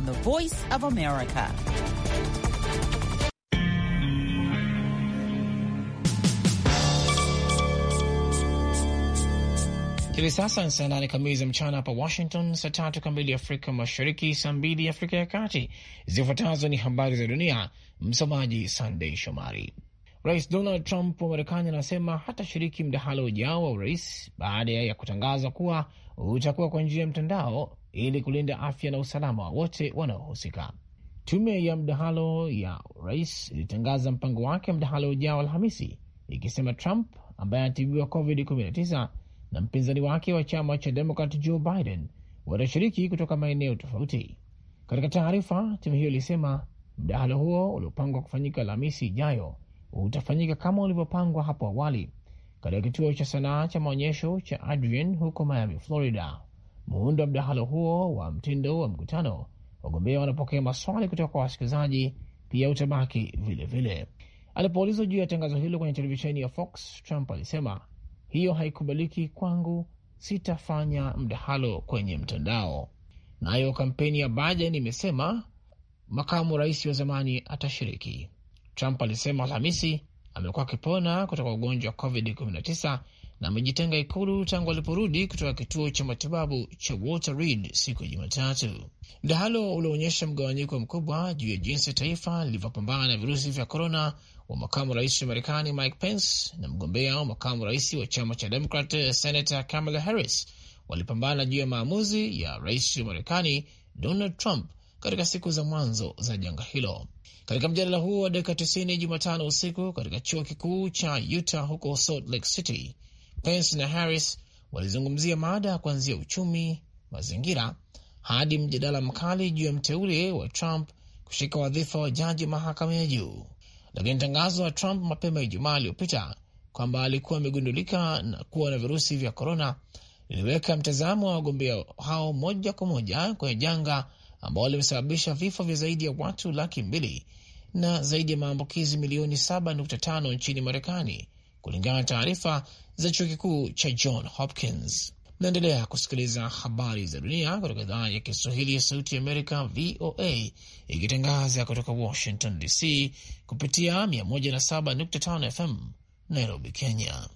on the Voice of America. Hivi sasa ni saa nane kamili za mchana hapa Washington, saa tatu kamili Afrika Mashariki, saa mbili Afrika ya Kati. Zifuatazo ni habari za dunia, msomaji Sandei Shomari. Rais Donald Trump wa Marekani anasema hatashiriki mdahalo ujao wa urais baada ya kutangaza kuwa utakuwa kwa njia ya mtandao ili kulinda afya na usalama wa wote wanaohusika. Tume ya mdahalo ya rais ilitangaza mpango wake mdahalo ujao Alhamisi, ikisema Trump ambaye anatibiwa COVID-19 na mpinzani wake wa chama cha Demokrat Joe Biden watashiriki kutoka maeneo tofauti. Katika taarifa, tume hiyo ilisema mdahalo huo uliopangwa kufanyika Alhamisi ijayo utafanyika kama ulivyopangwa hapo awali katika kituo cha sanaa cha maonyesho cha Adrian huko Miami, Florida muundo wa mdahalo huo wa mtindo wa mkutano, wagombea wanapokea maswali kutoka kwa wasikilizaji pia utabaki vilevile. Alipoulizwa juu ya tangazo hilo kwenye televisheni ya Fox, Trump alisema hiyo haikubaliki kwangu, sitafanya mdahalo kwenye mtandao. Nayo na kampeni ya Biden imesema makamu rais wa zamani atashiriki. Trump alisema Alhamisi amekuwa akipona kutoka ugonjwa wa COVID-19 na amejitenga ikulu tangu aliporudi kutoka kituo cha matibabu cha Walter Reed siku ya Jumatatu. Mdahalo ulioonyesha mgawanyiko mkubwa juu ya jinsi taifa lilivyopambana na virusi vya korona wa makamu rais wa Marekani Mike Pence na mgombea wa makamu rais wa chama cha Demokrat Senator Kamala Harris walipambana juu ya maamuzi ya rais wa Marekani Donald Trump katika siku za mwanzo za janga hilo. Katika mjadala huo wa dakika 90 Jumatano usiku katika chuo kikuu cha Utah huko Salt Lake City, Pence na Harris walizungumzia mada kuanzia uchumi, mazingira hadi mjadala mkali juu ya mteule wa Trump kushika wadhifa wa jaji mahakama ya juu. Lakini tangazo la Trump mapema Ijumaa aliyopita kwamba alikuwa amegundulika na kuwa na virusi vya korona liliweka mtazamo wa wagombea hao moja kwa moja kwenye janga ambao limesababisha vifo vya zaidi ya watu laki mbili na zaidi ya maambukizi milioni 7.5 nchini Marekani, kulingana na taarifa za chuo kikuu cha John Hopkins. Mnaendelea kusikiliza habari za dunia kutoka idhaa ya Kiswahili ya Sauti ya Amerika, VOA, ikitangaza kutoka Washington DC kupitia 107.5 FM Nairobi, Kenya.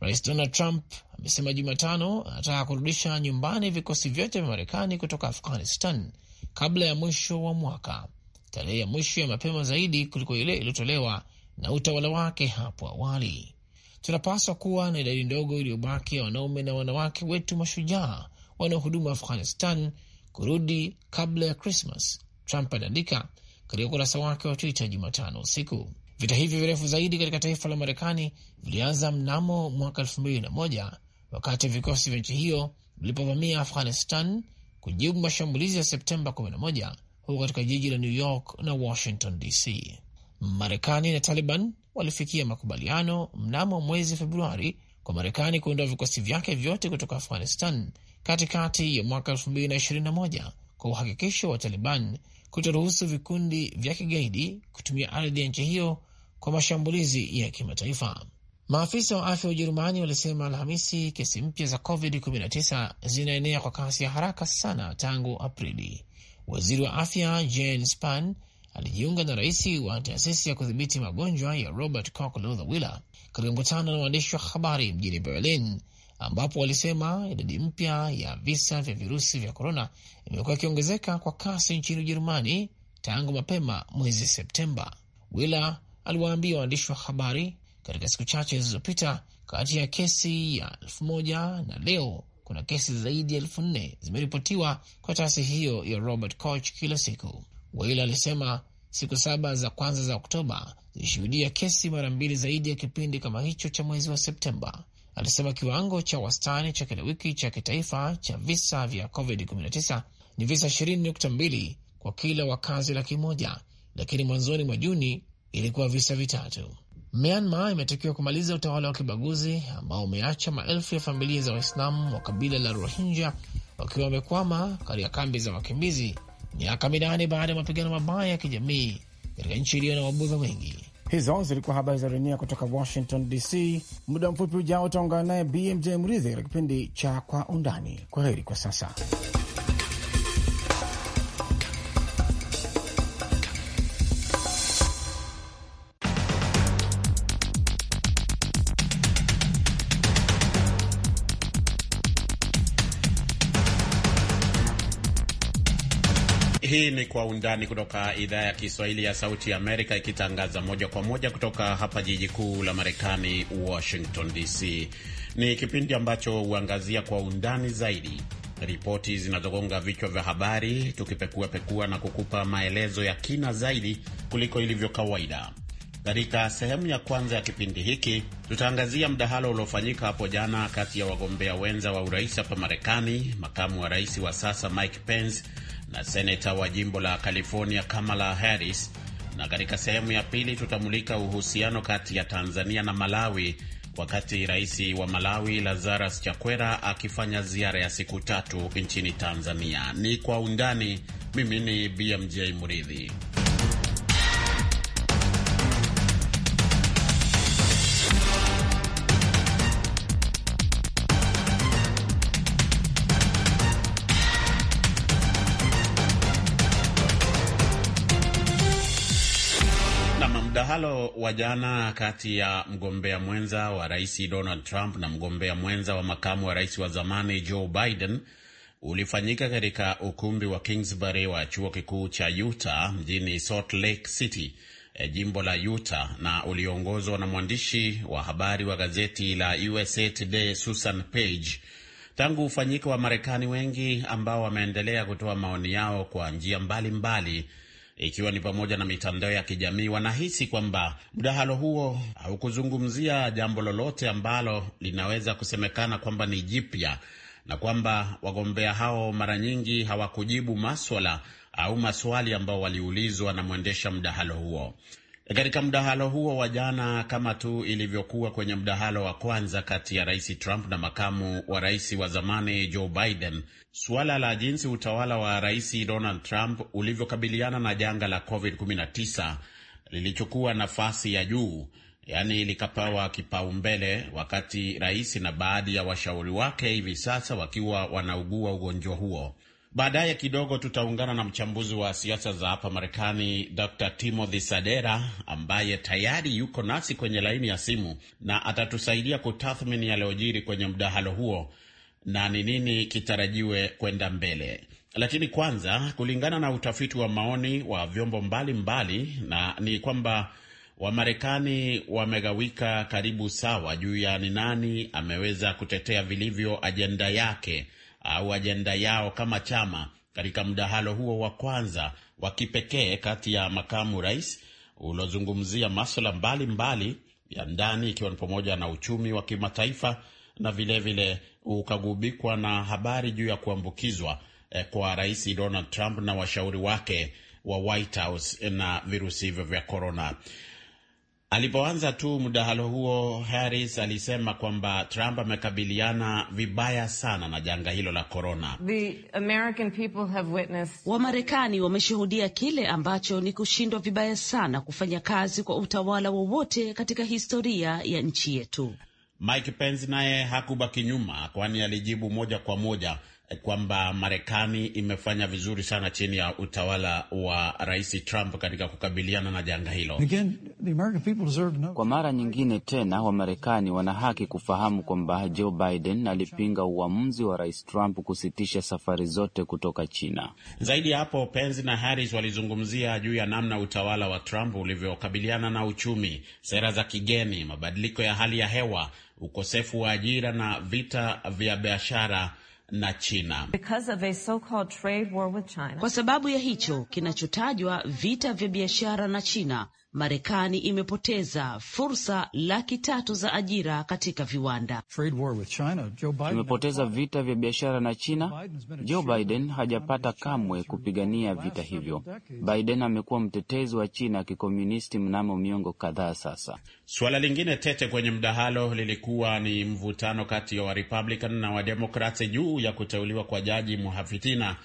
Rais Donald Trump amesema Jumatano anataka kurudisha nyumbani vikosi vyote vya Marekani kutoka Afghanistan kabla ya mwisho wa mwaka, tarehe ya mwisho ya mapema zaidi kuliko ile iliyotolewa na utawala wake hapo awali tunapaswa kuwa na idadi ndogo iliyobaki ya wanaume na wanawake wetu mashujaa wanaohudumu Afghanistan kurudi kabla ya Krismas, Trump aliandika katika ukurasa wake wa Twitter Jumatano usiku. Vita hivyo virefu zaidi katika taifa la Marekani vilianza mnamo mwaka elfu mbili na moja wakati vikosi vya nchi hiyo vilipovamia Afghanistan kujibu mashambulizi ya Septemba 11 huko katika jiji la New York na Washington DC. Marekani na Taliban walifikia makubaliano mnamo mwezi Februari kwa Marekani kuondoa vikosi vyake vyote kutoka Afghanistan katikati ya mwaka 2021 kwa uhakikisho wa Taliban kutoruhusu vikundi vya kigaidi kutumia ardhi ya nchi hiyo kwa mashambulizi ya kimataifa. Maafisa wa afya wa Ujerumani walisema Alhamisi kesi mpya za COVID-19 zinaenea kwa kasi ya haraka sana tangu Aprili. Waziri wa afya Jane Spahn alijiunga na rais wa taasisi ya kudhibiti magonjwa ya Robert Koch wille katika mkutano na waandishi wa habari mjini Berlin, ambapo walisema idadi mpya ya visa vya virusi vya korona imekuwa ikiongezeka kwa kasi nchini Ujerumani tangu mapema mwezi Septemba. Willer aliwaambia waandishi wa habari katika siku chache zilizopita, kati ya kesi ya elfu moja na leo kuna kesi zaidi ya elfu nne zimeripotiwa kwa taasisi hiyo ya Robert Koch kila siku. Weila alisema siku saba za kwanza za Oktoba zilishuhudia kesi mara mbili zaidi ya kipindi kama hicho cha mwezi wa Septemba. Alisema kiwango cha wastani cha kila wiki cha kitaifa cha visa vya COVID-19 ni visa 20.2 kwa kila wakazi laki moja, lakini mwanzoni mwa Juni ilikuwa visa vitatu. Myanmar imetakiwa kumaliza utawala wa kibaguzi ambao umeacha maelfu ya familia za Waislamu wa kabila la Rohingya wakiwa wamekwama katika kambi za wakimbizi miaka minane baada ya mapigano mabaya ya kijamii katika nchi iliyo na wabudha wengi. Hizo zilikuwa habari za dunia kutoka Washington DC. Muda mfupi ujao utaungana naye BMJ Mridhi katika kipindi cha Kwa Undani. Kwa heri kwa sasa. Hii ni Kwa Undani kutoka idhaa ya Kiswahili ya Sauti ya Amerika, ikitangaza moja kwa moja kutoka hapa jiji kuu la Marekani, Washington DC. Ni kipindi ambacho huangazia kwa undani zaidi ripoti zinazogonga vichwa vya habari, tukipekuapekua na kukupa maelezo ya kina zaidi kuliko ilivyo kawaida. Katika sehemu ya kwanza ya kipindi hiki tutaangazia mdahalo uliofanyika hapo jana kati ya wagombea wenza wa urais hapa Marekani, makamu wa rais wa sasa Mike Pence na seneta wa jimbo la California Kamala Harris, na katika sehemu ya pili tutamulika uhusiano kati ya Tanzania na Malawi wakati rais wa Malawi Lazarus Chakwera akifanya ziara ya siku tatu nchini Tanzania. Ni kwa undani. Mimi ni BMJ Muridhi. Mdahalo wa jana kati ya mgombea mwenza wa rais Donald Trump na mgombea mwenza wa makamu wa rais wa zamani Joe Biden ulifanyika katika ukumbi wa Kingsbury wa chuo kikuu cha Utah mjini Salt Lake City, eh, jimbo la Utah, na uliongozwa na mwandishi wa habari wa gazeti la USA Today Susan Page. Tangu ufanyiko wa Marekani wengi ambao wameendelea kutoa maoni yao kwa njia mbalimbali mbali, ikiwa ni pamoja na mitandao ya kijamii, wanahisi kwamba mdahalo huo haukuzungumzia jambo lolote ambalo linaweza kusemekana kwamba ni jipya na kwamba wagombea hao mara nyingi hawakujibu maswala au maswali ambao waliulizwa na mwendesha mdahalo huo. Katika mdahalo huo wa jana, kama tu ilivyokuwa kwenye mdahalo wa kwanza kati ya rais Trump na makamu wa rais wa zamani Joe Biden, suala la jinsi utawala wa rais Donald Trump ulivyokabiliana na janga la COVID-19 lilichukua nafasi ya juu, yaani likapewa kipaumbele, wakati rais na baadhi ya washauri wake hivi sasa wakiwa wanaugua ugonjwa huo. Baadaye kidogo tutaungana na mchambuzi wa siasa za hapa Marekani, Dr Timothy Sadera, ambaye tayari yuko nasi kwenye laini ya simu na atatusaidia kutathmini yaliyojiri kwenye mdahalo huo na ni nini kitarajiwe kwenda mbele. Lakini kwanza, kulingana na utafiti wa maoni wa vyombo mbalimbali mbali, na ni kwamba Wamarekani wamegawika karibu sawa juu ya ni nani ameweza kutetea vilivyo ajenda yake au ajenda yao kama chama katika mdahalo huo wa kwanza wa kipekee kati ya makamu rais uliozungumzia maswala mbalimbali ya ndani ikiwa ni pamoja na uchumi wa kimataifa na vilevile vile ukagubikwa na habari juu ya kuambukizwa eh, kwa rais Donald Trump na washauri wake wa White House na virusi hivyo vya korona. Alipoanza tu mdahalo huo, Harris alisema kwamba Trump amekabiliana vibaya sana na janga hilo la korona. Wamarekani wameshuhudia kile ambacho ni kushindwa vibaya sana kufanya kazi kwa utawala wowote katika historia ya nchi yetu. Mike Pence naye hakubaki nyuma, kwani alijibu moja kwa moja Eh, kwamba Marekani imefanya vizuri sana chini ya utawala wa Rais Trump katika kukabiliana na janga hilo. Again, no... kwa mara nyingine tena Wamarekani wana haki kufahamu kwamba Joe Biden alipinga uamuzi wa Rais Trump kusitisha safari zote kutoka China. Zaidi ya hapo, Penzi na Harris walizungumzia juu ya namna utawala wa Trump ulivyokabiliana na uchumi, sera za kigeni, mabadiliko ya hali ya hewa, ukosefu wa ajira na vita vya biashara na China. Kwa sababu ya hicho kinachotajwa vita vya biashara na China Marekani imepoteza fursa laki tatu za ajira katika viwanda. Tumepoteza vita vya biashara na China. Joe Biden hajapata kamwe kupigania vita hivyo. Biden amekuwa mtetezi wa China ya kikomunisti mnamo miongo kadhaa sasa. Suala lingine tete kwenye mdahalo lilikuwa ni mvutano kati ya Warepublican na Wademokrati juu ya kuteuliwa kwa jaji muhafitina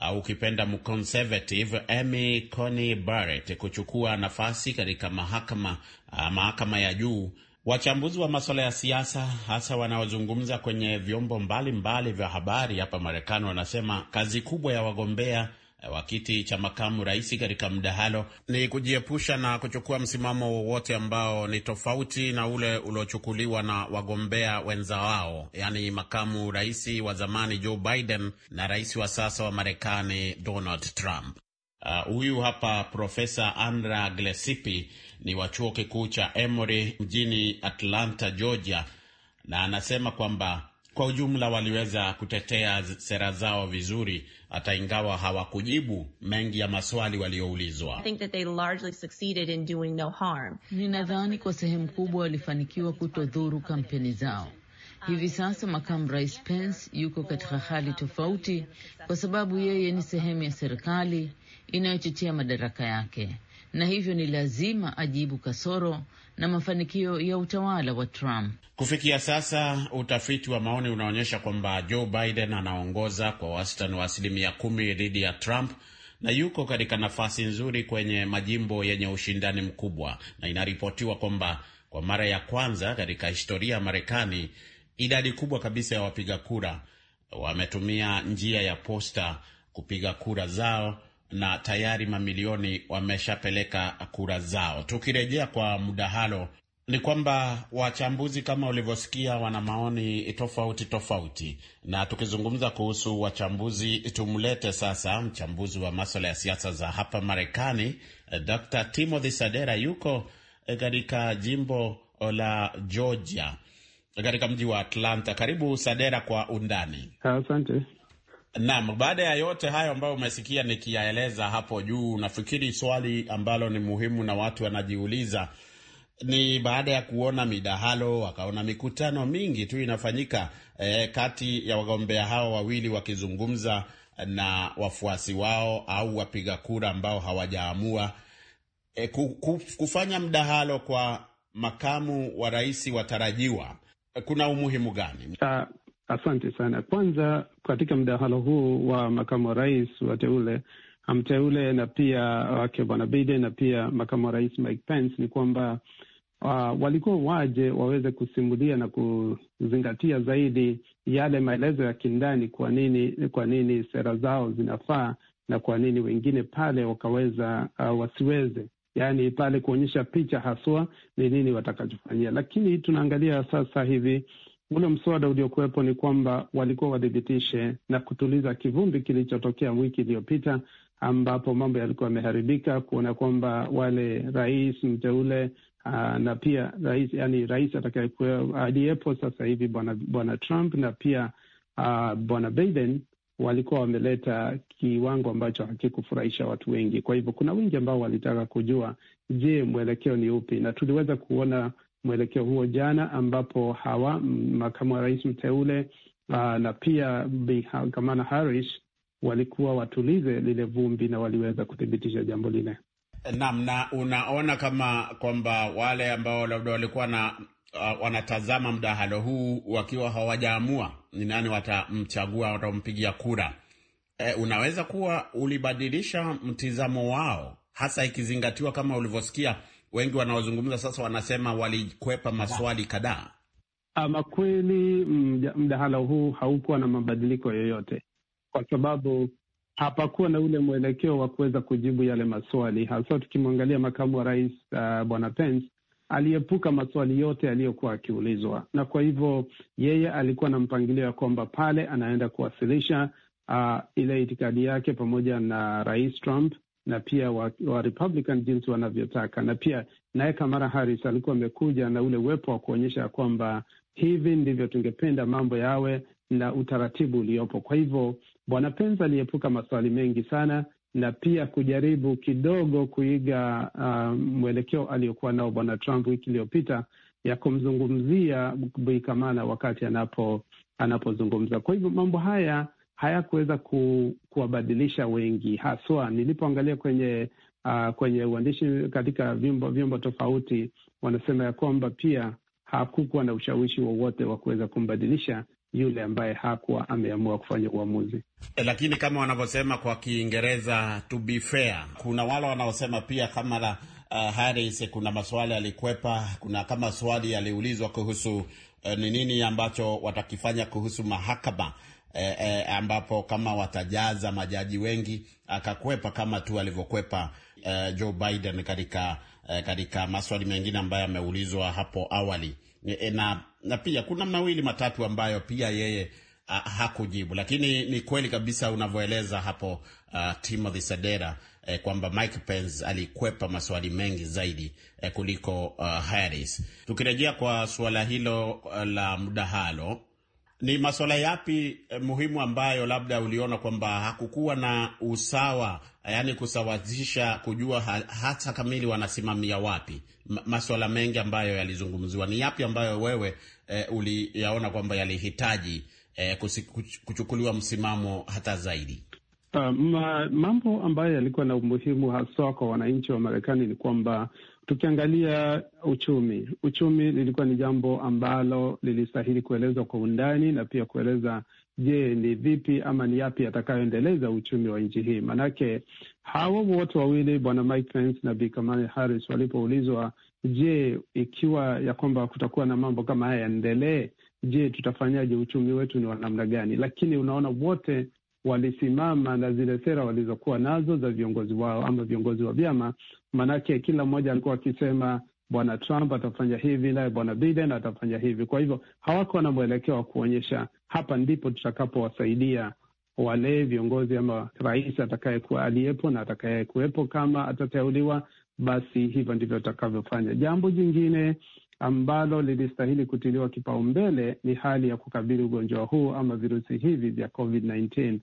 au ukipenda mconservative Amy Coney Barrett kuchukua nafasi katika mahakama, ah, mahakama ya juu. Wachambuzi wa masuala ya siasa hasa wanaozungumza kwenye vyombo mbalimbali mbali vya habari hapa Marekani wanasema kazi kubwa ya wagombea Eh, wa kiti cha makamu rais katika mdahalo ni kujiepusha na kuchukua msimamo wowote ambao ni tofauti na ule uliochukuliwa na wagombea wenza wao, yaani makamu rais wa zamani Joe Biden na rais wa sasa wa Marekani Donald Trump. Ah, huyu uh, hapa Profesa Andra Glesipi ni wa chuo kikuu cha Emory mjini Atlanta, Georgia, na anasema kwamba kwa ujumla waliweza kutetea sera zao vizuri, hata ingawa hawakujibu mengi ya maswali walioulizwa. ninadhani kwa sehemu kubwa walifanikiwa kutodhuru kampeni zao. Hivi sasa makamu rais Pence yuko katika hali tofauti, kwa sababu yeye ni sehemu ya serikali inayochochea madaraka yake na hivyo ni lazima ajibu kasoro na mafanikio ya utawala wa Trump. Kufikia sasa, utafiti wa maoni unaonyesha kwamba Joe Biden anaongoza kwa wastani wa asilimia kumi dhidi ya Trump na yuko katika nafasi nzuri kwenye majimbo yenye ushindani mkubwa, na inaripotiwa kwamba kwa mara ya kwanza katika historia ya Marekani, idadi kubwa kabisa ya wapiga kura wametumia njia ya posta kupiga kura zao na tayari mamilioni wameshapeleka kura zao. Tukirejea kwa mdahalo, ni kwamba wachambuzi kama ulivyosikia, wana maoni tofauti tofauti, na tukizungumza kuhusu wachambuzi, tumlete sasa mchambuzi wa maswala ya siasa za hapa Marekani, Dr. Timothy Sadera yuko katika jimbo la Georgia katika mji wa Atlanta. Karibu Sadera, kwa undani. Asante. Naam, baada ya yote hayo ambayo umesikia nikiyaeleza hapo juu, nafikiri swali ambalo ni muhimu na watu wanajiuliza ni baada ya kuona midahalo wakaona mikutano mingi tu inafanyika eh, kati ya wagombea hao wawili wakizungumza na wafuasi wao au wapiga kura ambao hawajaamua eh, kufanya mdahalo kwa makamu wa rais watarajiwa eh, kuna umuhimu gani? Uh, Asante sana. Kwanza, katika mdahalo huu wa makamu wa rais wateule mteule na pia wake bwana Biden na pia makamu wa rais Mike Pence ni kwamba uh, walikuwa waje waweze kusimulia na kuzingatia zaidi yale maelezo ya kindani, kwa nini kwa nini sera zao zinafaa na kwa nini wengine pale wakaweza uh, wasiweze, yaani pale kuonyesha picha haswa ni nini watakachofanyia. Lakini tunaangalia sasa hivi Ule mswada uliokuwepo ni kwamba walikuwa wadhibitishe na kutuliza kivumbi kilichotokea wiki iliyopita, ambapo mambo yalikuwa yameharibika, kuona kwamba wale rais mteule ah, na pia rais yani rais aliyepo sasa hivi bwana bwana Trump na pia uh, bwana Biden walikuwa wameleta kiwango ambacho hakikufurahisha watu wengi. Kwa hivyo kuna wengi ambao walitaka kujua, je, mwelekeo ni upi? Na tuliweza kuona mwelekeo huo jana, ambapo hawa makamu wa rais mteule ah, na pia Bi Kamala Harris walikuwa watulize lile vumbi na waliweza kuthibitisha jambo lile. Naam, na unaona kama kwamba wale ambao labda walikuwa na uh, wanatazama mdahalo huu wakiwa hawajaamua ni nani watamchagua, watampigia kura e, unaweza kuwa ulibadilisha mtizamo wao, hasa ikizingatiwa kama ulivyosikia wengi wanaozungumza sasa wanasema walikwepa maswali kadhaa. Ama kweli, mdahalo huu haukuwa na mabadiliko yoyote, kwa sababu hapakuwa na ule mwelekeo wa kuweza kujibu yale maswali, hasa tukimwangalia makamu wa rais uh, bwana Pence aliepuka maswali yote aliyokuwa akiulizwa, na kwa hivyo yeye alikuwa na mpangilio ya kwamba pale anaenda kuwasilisha uh, ile itikadi yake pamoja na rais Trump na pia wa, wa Republican jinsi wanavyotaka, na pia naye Kamala Harris alikuwa amekuja na ule uwepo wa kuonyesha kwamba hivi ndivyo tungependa mambo yawe na utaratibu uliopo. Kwa hivyo Bwana Pence aliepuka maswali mengi sana na pia kujaribu kidogo kuiga uh, mwelekeo aliyokuwa nao Bwana Trump wiki iliyopita ya kumzungumzia Bi Kamala wakati anapo anapozungumza. Kwa hivyo mambo haya hayakuweza ku, kuwabadilisha wengi haswa nilipoangalia kwenye uh, kwenye uandishi katika vyombo vyombo tofauti, wanasema ya kwamba pia hakukuwa na ushawishi wowote wa kuweza kumbadilisha yule ambaye hakuwa ameamua kufanya uamuzi. Eh, lakini kama wanavyosema kwa Kiingereza, to be fair, kuna wale wanaosema pia kama la uh, Harris, kuna maswali yalikwepa, kuna kama swali yaliulizwa kuhusu eh, ni uh, nini ambacho watakifanya kuhusu mahakama e, e, ambapo kama watajaza majaji wengi akakwepa kama tu alivyokwepa e, eh, Joe Biden katika e, katika maswali mengine ambayo ameulizwa hapo awali e, e, na, na pia kuna mawili matatu ambayo pia yeye ah, hakujibu lakini ni kweli kabisa unavyoeleza hapo uh, Timothy sadera eh, kwamba Mike Pence alikwepa maswali mengi zaidi eh, kuliko uh, Harris. Tukirejea kwa suala hilo la mdahalo ni masuala yapi eh, muhimu ambayo labda uliona kwamba hakukuwa na usawa, yaani kusawazisha, kujua hata kamili wanasimamia wapi? Masuala mengi ambayo yalizungumziwa, ni yapi ambayo wewe eh, uliyaona kwamba yalihitaji eh, kuchukuliwa msimamo hata zaidi? Uh, ma, mambo ambayo yalikuwa na umuhimu haswa kwa wananchi wa Marekani ni kwamba Tukiangalia uchumi, uchumi lilikuwa ni jambo ambalo lilistahili kuelezwa kwa undani na pia kueleza, je, ni vipi ama ni yapi yatakayoendeleza uchumi wa nchi hii? Maanake hawa wote wawili bwana Mike Pence na Bi Kamala Harris walipoulizwa, je, ikiwa ya kwamba kutakuwa na mambo kama haya yaendelee, je, tutafanyaje? Uchumi wetu ni wa namna gani? Lakini unaona wote walisimama na zile sera walizokuwa nazo za viongozi wao ama viongozi wa vyama Maanake kila mmoja alikuwa akisema bwana Trump atafanya hivi, naye bwana Biden atafanya hivi. Kwa hivyo hawako na mwelekeo wa kuonyesha hapa ndipo tutakapowasaidia wale viongozi ama rais atakayekuwa aliyepo na atakayekuwepo, kama atateuliwa, basi hivyo ndivyo atakavyofanya. Jambo jingine ambalo lilistahili kutiliwa kipaumbele ni hali ya kukabili ugonjwa huu ama virusi hivi vya COVID-19.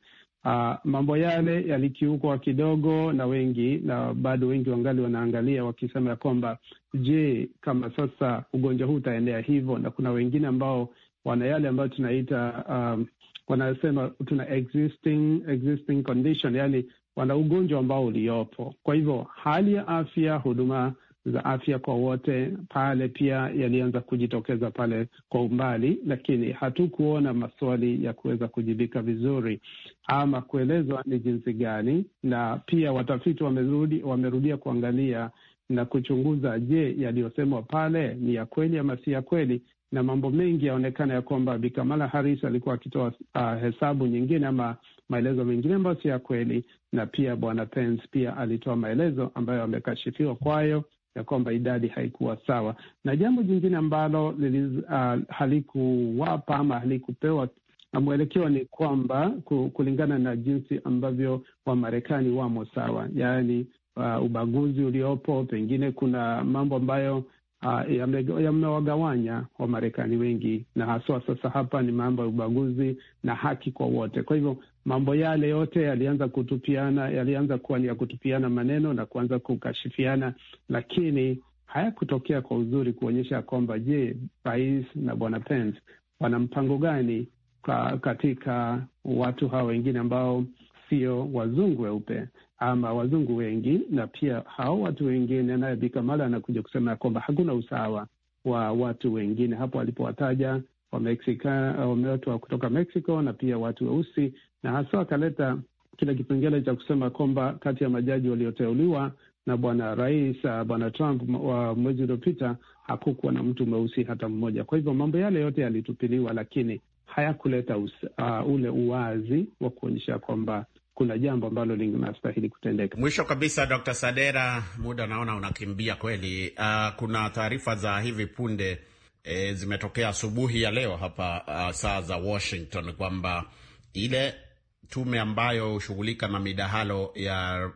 Uh, mambo yale yalikiukwa kidogo na wengi, na bado wengi wangali wanaangalia wakisema ya kwamba je, kama sasa ugonjwa huu utaenea hivyo, na kuna wengine ambao wana yale ambayo tunaita um, wanasema tuna existing, existing condition, yani wana ugonjwa ambao uliopo. Kwa hivyo hali ya afya, huduma za afya kwa wote pale pia yalianza kujitokeza pale kwa umbali, lakini hatukuona maswali ya kuweza kujibika vizuri ama kuelezwa ni jinsi gani. Na pia watafiti wamerudi, wamerudia kuangalia na kuchunguza, je, yaliyosemwa pale ni ya kweli ama si ya kweli? Na mambo mengi yaonekana ya kwamba Bi Kamala Harris alikuwa akitoa uh, hesabu nyingine ama maelezo mengine ambayo si ya kweli, na pia Bwana Pence pia alitoa maelezo ambayo amekashifiwa kwayo ya kwamba idadi haikuwa sawa, na jambo jingine ambalo uh, halikuwapa ama halikupewa mwelekeo ni kwamba kulingana na jinsi ambavyo Wamarekani wamo sawa, yaani uh, ubaguzi uliopo, pengine kuna mambo ambayo uh, yamewagawanya Wamarekani wengi, na haswa sasa hapa ni mambo ya ubaguzi na haki kwa wote. Kwa hivyo mambo yale yote yalianza kutupiana, yalianza kuwa ni ya kutupiana maneno na kuanza kukashifiana, lakini hayakutokea kwa uzuri kuonyesha kwamba je, rais na bwana Pence wana mpango gani katika watu hawa wengine ambao sio wazungu weupe ama wazungu wengi, na pia hao watu wengine, naye Bikamala anakuja kusema ya kwamba hakuna usawa wa watu wengine hapo alipowataja watu wa kutoka Mexico na pia watu weusi, na hasa akaleta kile kipengele cha kusema kwamba kati ya majaji walioteuliwa na bwana rais ah, bwana Trump wa mwezi uliopita hakukuwa na mtu mweusi hata mmoja. Kwa hivyo mambo yale yote yalitupiliwa, lakini hayakuleta uh, ule uwazi wa kuonyesha kwamba kuna jambo ambalo linastahili kutendeka. Mwisho kabisa, Dr. Sadera, muda naona unakimbia kweli. Uh, kuna taarifa za hivi punde e, zimetokea asubuhi ya leo hapa uh, saa za Washington kwamba ile tume ambayo hushughulika na midahalo ya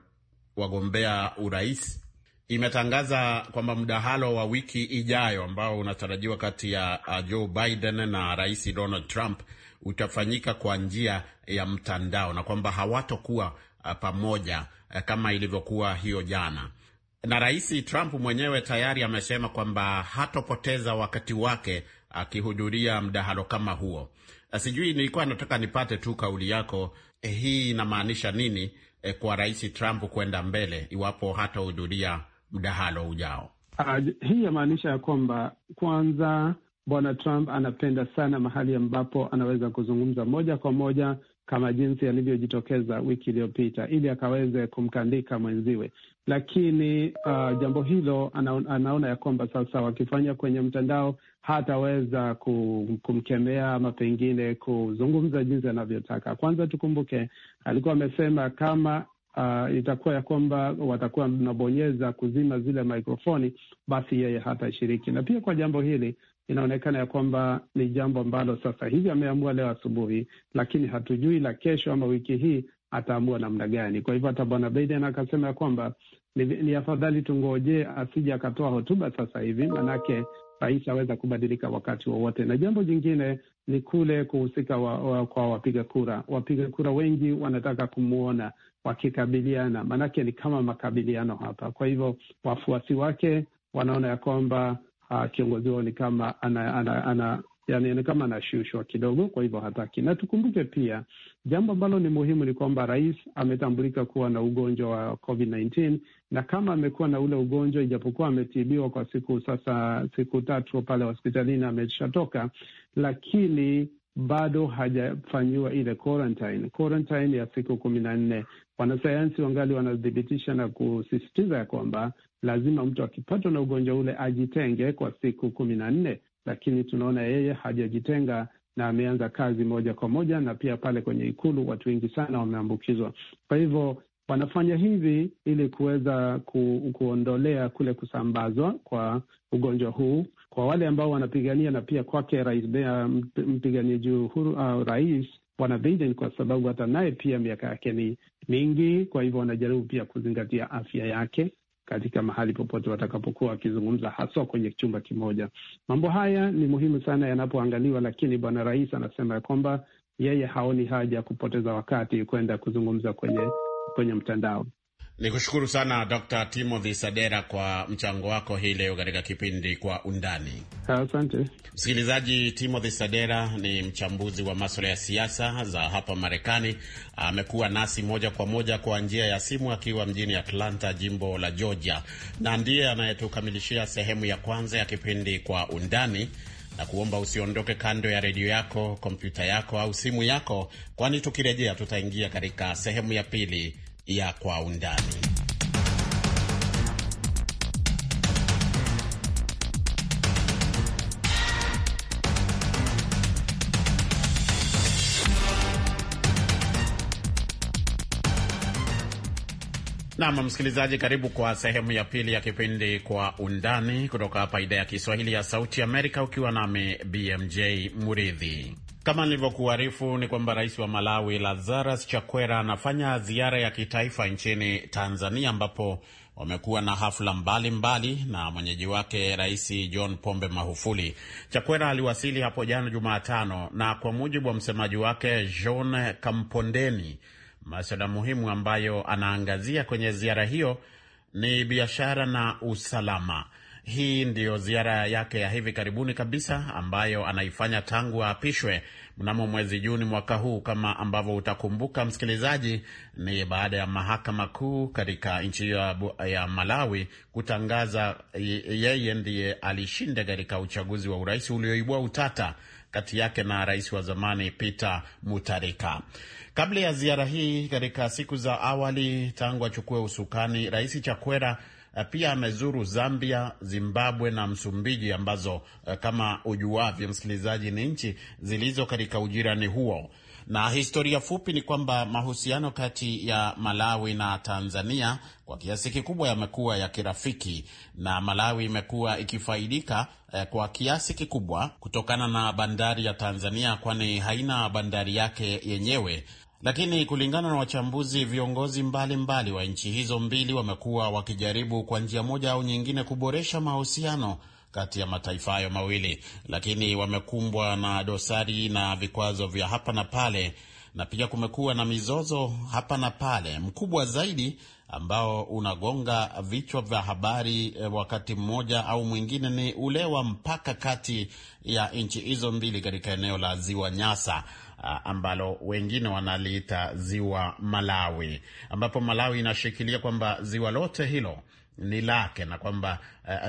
wagombea urais imetangaza kwamba mdahalo wa wiki ijayo ambao unatarajiwa kati ya ah, Joe Biden na Rais Donald Trump utafanyika kwa njia ya mtandao na kwamba hawatokuwa uh, pamoja uh, kama ilivyokuwa hiyo jana. Na Rais Trump mwenyewe tayari amesema kwamba hatopoteza wakati wake akihudhuria mdahalo kama huo. Uh, sijui, nilikuwa nataka nipate tu kauli yako, eh, hii inamaanisha nini eh, kwa Rais Trump kwenda mbele iwapo hatahudhuria mdahalo ujao? Uh, hii yamaanisha ya kwamba kwanza Bwana Trump anapenda sana mahali ambapo anaweza kuzungumza moja kwa moja kama jinsi alivyojitokeza wiki iliyopita ili akaweze kumkandika mwenziwe, lakini uh, jambo hilo anaona ya kwamba sasa wakifanya kwenye mtandao hataweza kumkemea ama pengine kuzungumza jinsi anavyotaka. Kwanza tukumbuke alikuwa amesema kama Uh, itakuwa ya kwamba watakuwa mnabonyeza kuzima zile mikrofoni, basi yeye hatashiriki. Na pia kwa jambo hili inaonekana ya kwamba ni jambo ambalo sasa hivi ameamua leo asubuhi, lakini hatujui la kesho ama wiki hii ataamua namna gani. Kwa hivyo hata bwana Biden akasema ya kwamba ni, ni afadhali tungojee asije akatoa hotuba sasa hivi, manake rais aweza kubadilika wakati wowote Na jambo jingine ni kule kuhusika wa, wa, kwa wapiga kura. Wapiga kura wengi wanataka kumwona wakikabiliana, manake ni kama makabiliano hapa. Kwa hivyo wafuasi wake wanaona ya kwamba uh, kiongozi wao ni kama ana, ana, ana Yani, ni kama anashushwa kidogo, kwa hivyo hataki. Na tukumbuke pia jambo ambalo ni muhimu ni kwamba rais ametambulika kuwa na ugonjwa wa COVID-19, na kama amekuwa na ule ugonjwa ijapokuwa ametibiwa kwa siku sasa, siku tatu pale hospitalini ameshatoka, lakini bado hajafanyiwa ile quarantine, quarantine ya siku kumi na nne. Wanasayansi wangali wanathibitisha na kusisitiza ya kwamba lazima mtu akipatwa na ugonjwa ule ajitenge kwa siku kumi na nne, lakini tunaona yeye hajajitenga na ameanza kazi moja kwa moja, na pia pale kwenye Ikulu watu wengi sana wameambukizwa. Kwa hivyo wanafanya hivi ili kuweza ku, kuondolea kule kusambazwa kwa ugonjwa huu kwa wale ambao wanapigania, na pia kwake rais Bea, mpiganiaji uhuru uh, rais Bwana Biden, kwa sababu hata naye pia miaka yake ni mingi, kwa hivyo wanajaribu pia kuzingatia afya yake katika mahali popote watakapokuwa wakizungumza, haswa kwenye chumba kimoja. Mambo haya ni muhimu sana yanapoangaliwa, lakini bwana rais anasema ya kwamba yeye haoni haja ya kupoteza wakati kwenda kuzungumza kwenye kwenye mtandao. Ni kushukuru sana Dr. Timothy Sadera kwa mchango wako hii leo katika kipindi Kwa Undani. Asante msikilizaji. Timothy Sadera ni mchambuzi wa maswala ya siasa za hapa Marekani. Amekuwa nasi moja kwa moja kwa njia ya simu akiwa mjini Atlanta, jimbo la Georgia, na ndiye anayetukamilishia sehemu ya kwanza ya kipindi Kwa Undani na kuomba usiondoke kando ya redio yako, kompyuta yako au simu yako, kwani tukirejea tutaingia katika sehemu ya pili ya Kwa Undani. Nam msikilizaji, karibu kwa sehemu ya pili ya kipindi Kwa Undani kutoka hapa idhaa ya Kiswahili ya Sauti Amerika, ukiwa nami BMJ Muridhi. Kama nilivyokuarifu ni kwamba rais wa Malawi Lazarus Chakwera anafanya ziara ya kitaifa nchini Tanzania, ambapo wamekuwa na hafla mbalimbali mbali na mwenyeji wake Rais John Pombe Magufuli. Chakwera aliwasili hapo jana Jumatano, na kwa mujibu wa msemaji wake John Kampondeni Masuala muhimu ambayo anaangazia kwenye ziara hiyo ni biashara na usalama. Hii ndiyo ziara yake ya hivi karibuni kabisa ambayo anaifanya tangu aapishwe mnamo mwezi Juni mwaka huu. Kama ambavyo utakumbuka msikilizaji, ni baada ya mahakama kuu katika nchi hiyo ya Malawi kutangaza yeye ndiye alishinda katika uchaguzi wa urais ulioibua utata kati yake na rais wa zamani Peter Mutharika. Kabla ya ziara hii, katika siku za awali tangu achukue usukani, Rais Chakwera eh, pia amezuru Zambia, Zimbabwe na Msumbiji ambazo eh, kama ujuavyo, msikilizaji, ni nchi zilizo katika ujirani huo. Na historia fupi ni kwamba mahusiano kati ya Malawi na Tanzania kwa kiasi kikubwa yamekuwa ya kirafiki na Malawi imekuwa ikifaidika eh, kwa kiasi kikubwa kutokana na bandari ya Tanzania, kwani haina bandari yake yenyewe lakini kulingana na wachambuzi, viongozi mbalimbali mbali wa nchi hizo mbili wamekuwa wakijaribu kwa njia moja au nyingine kuboresha mahusiano kati ya mataifa hayo mawili, lakini wamekumbwa na dosari na vikwazo vya hapa na pale, na pia kumekuwa na mizozo hapa na pale. Mkubwa zaidi ambao unagonga vichwa vya habari eh, wakati mmoja au mwingine ni ule wa mpaka kati ya nchi hizo mbili katika eneo la Ziwa Nyasa ah, ambalo wengine wanaliita Ziwa Malawi, ambapo Malawi inashikilia kwamba ziwa lote hilo ni lake na kwamba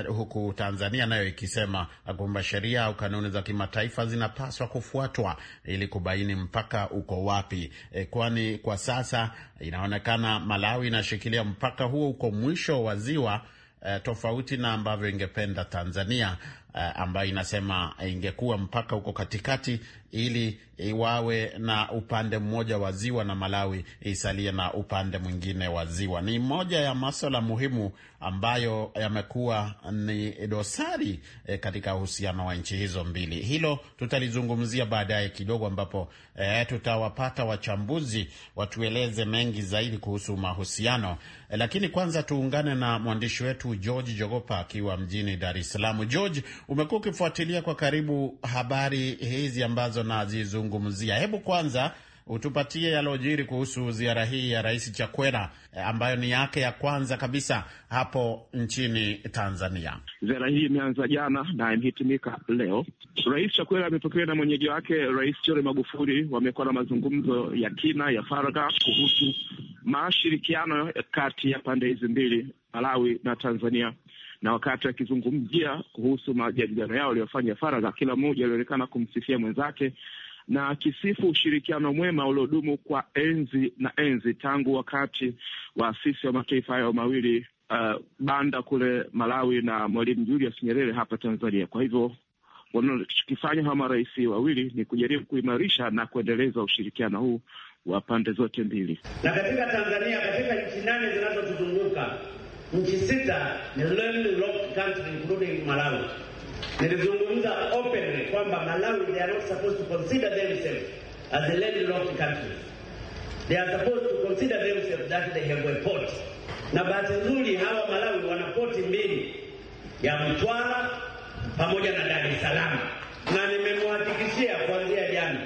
uh, huku Tanzania nayo ikisema kwamba sheria au kanuni za kimataifa zinapaswa kufuatwa ili kubaini mpaka uko wapi. E, kwani kwa sasa inaonekana Malawi inashikilia mpaka huo uko mwisho wa ziwa, uh, tofauti na ambavyo ingependa Tanzania uh, ambayo inasema ingekuwa mpaka huko katikati ili iwawe na upande mmoja wa ziwa na Malawi isalie na upande mwingine wa ziwa. Ni moja ya maswala muhimu ambayo yamekuwa ni dosari e, katika uhusiano wa nchi hizo mbili. Hilo tutalizungumzia baadaye kidogo, ambapo e, tutawapata wachambuzi watueleze mengi zaidi kuhusu mahusiano e, lakini kwanza tuungane na mwandishi wetu George Jogopa akiwa mjini Dar es Salaam. George, umekuwa ukifuatilia kwa karibu habari hizi ambazo nazizungumzia. Hebu kwanza utupatie yalojiri kuhusu ziara hii ya Rais Chakwera eh, ambayo ni yake ya kwanza kabisa hapo nchini Tanzania. Ziara hii imeanza jana na imehitimika leo. Rais Chakwera amepokelewa na mwenyeji wake Rais John Magufuli. Wamekuwa na mazungumzo ya kina ya faragha kuhusu mashirikiano kati ya pande hizi mbili, Malawi na Tanzania na wakati akizungumzia kuhusu majadiliano yao aliyofanya faragha, kila mmoja alionekana kumsifia mwenzake na akisifu ushirikiano mwema uliodumu kwa enzi na enzi tangu wakati waasisi wa mataifa hayo mawili uh, Banda kule Malawi na Mwalimu Julius Nyerere hapa Tanzania. Kwa hivyo wanachokifanya hawa marais wawili ni kujaribu kuimarisha na kuendeleza ushirikiano huu wa pande zote mbili, na katika Tanzania, katika nchi nane zinazotuzunguka nchi sita ni landlocked country including Malawi. Nilizungumza openly kwamba Malawi they are not supposed to consider themselves as a landlocked country. They are supposed to consider themselves that they have a port. Na bahati nzuri hawa Malawi wana poti mbili ya Mtwara pamoja na Dar es Salaam, na nimemhakikishia kuanzia jana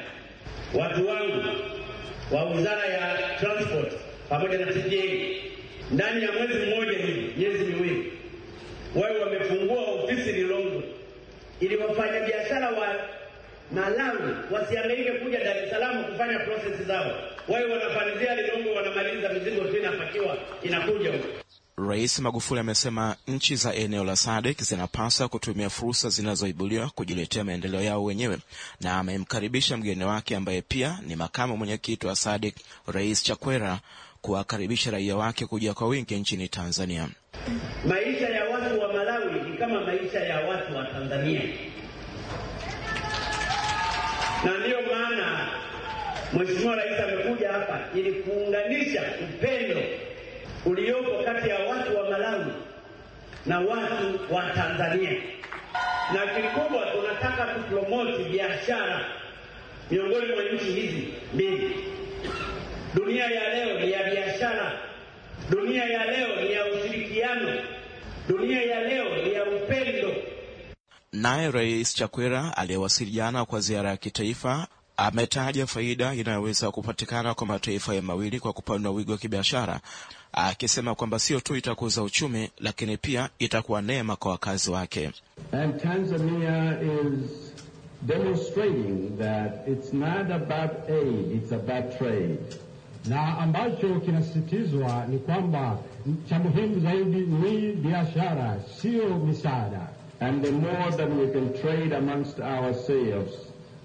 watu wangu wa Wizara ya Transport pamoja na TGA ndani ya mwezi mmoja hivi, miezi miwili, wao wamefungua ofisi Lilongwe ili wafanyabiashara wa Malawi wasiangaike kuja Dar es Salaam kufanya prosesi zao, wao wanafanyia Lilongwe, wanamaliza mizigo tu inapakiwa inakuja huko. Rais Magufuli amesema nchi za eneo la SADC zinapaswa kutumia fursa zinazoibuliwa kujiletea maendeleo yao wenyewe, na amemkaribisha mgeni wake ambaye pia ni makamu mwenyekiti wa SADC, Rais Chakwera, kuwakaribisha raia wake kuja kwa wingi nchini Tanzania. Maisha ya watu wa Malawi ni kama maisha ya watu wa Tanzania, na ndiyo maana Mheshimiwa Rais amekuja hapa ili kuunganisha upendo uliopo kati ya watu wa Malawi na watu wa Tanzania, na kikubwa tunataka kupromoti biashara miongoni mwa nchi hizi mbili Dunia ya leo ni ya biashara, dunia ya leo ni ya ushirikiano, dunia ya leo ni ya upendo. Naye Rais Chakwera aliyewasili jana kwa ziara ya kitaifa ametaja faida inayoweza kupatikana kwa mataifa ya mawili kwa kupanua wigo wa kibiashara, akisema kwamba sio tu itakuza uchumi, lakini pia itakuwa neema kwa wakazi wake. And Tanzania is demonstrating that it's not about aid, it's about trade na ambacho kinasisitizwa ni kwamba cha muhimu zaidi ni biashara, sio misaada. And the more that we can trade amongst ourselves,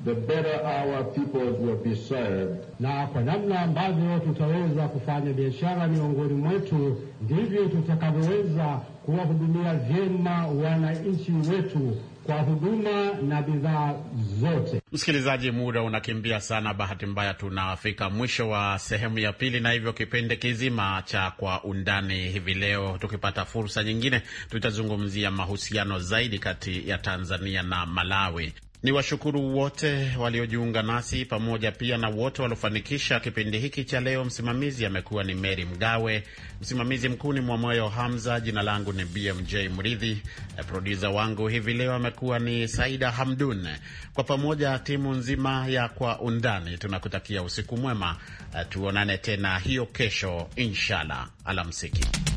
the better our people will be served. Na kwa namna ambavyo tutaweza kufanya biashara miongoni mwetu ndivyo tutakavyoweza kuwahudumia vyema wananchi wetu kwa huduma na bidhaa zote. Msikilizaji, muda unakimbia sana. Bahati mbaya, tunafika mwisho wa sehemu ya pili, na hivyo kipindi kizima cha Kwa Undani hivi leo, tukipata fursa nyingine, tutazungumzia mahusiano zaidi kati ya Tanzania na Malawi. Ni washukuru wote waliojiunga nasi pamoja pia na wote waliofanikisha kipindi hiki cha leo. Msimamizi amekuwa ni Meri Mgawe, msimamizi mkuu ni Mwamoyo Hamza, jina langu ni BMJ Mridhi, eh, produsa wangu hivi leo amekuwa ni Saida Hamdun. Kwa pamoja timu nzima ya Kwa Undani tunakutakia usiku mwema, eh, tuonane tena hiyo kesho inshallah. Alamsiki.